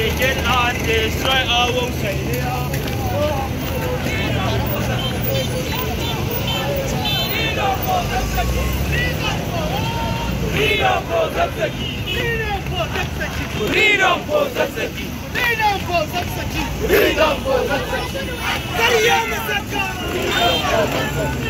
begin and destroy our Shailia. Freedom for Zapsaki! Freedom for Zapsaki! Freedom for Zapsaki! Freedom for Zapsaki! Freedom for Zapsaki! Freedom for Zapsaki!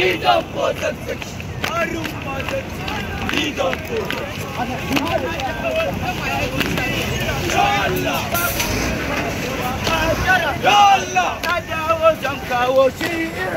freedom for the fixed. Freedom for the يا الله تجاوزا كاوشيرا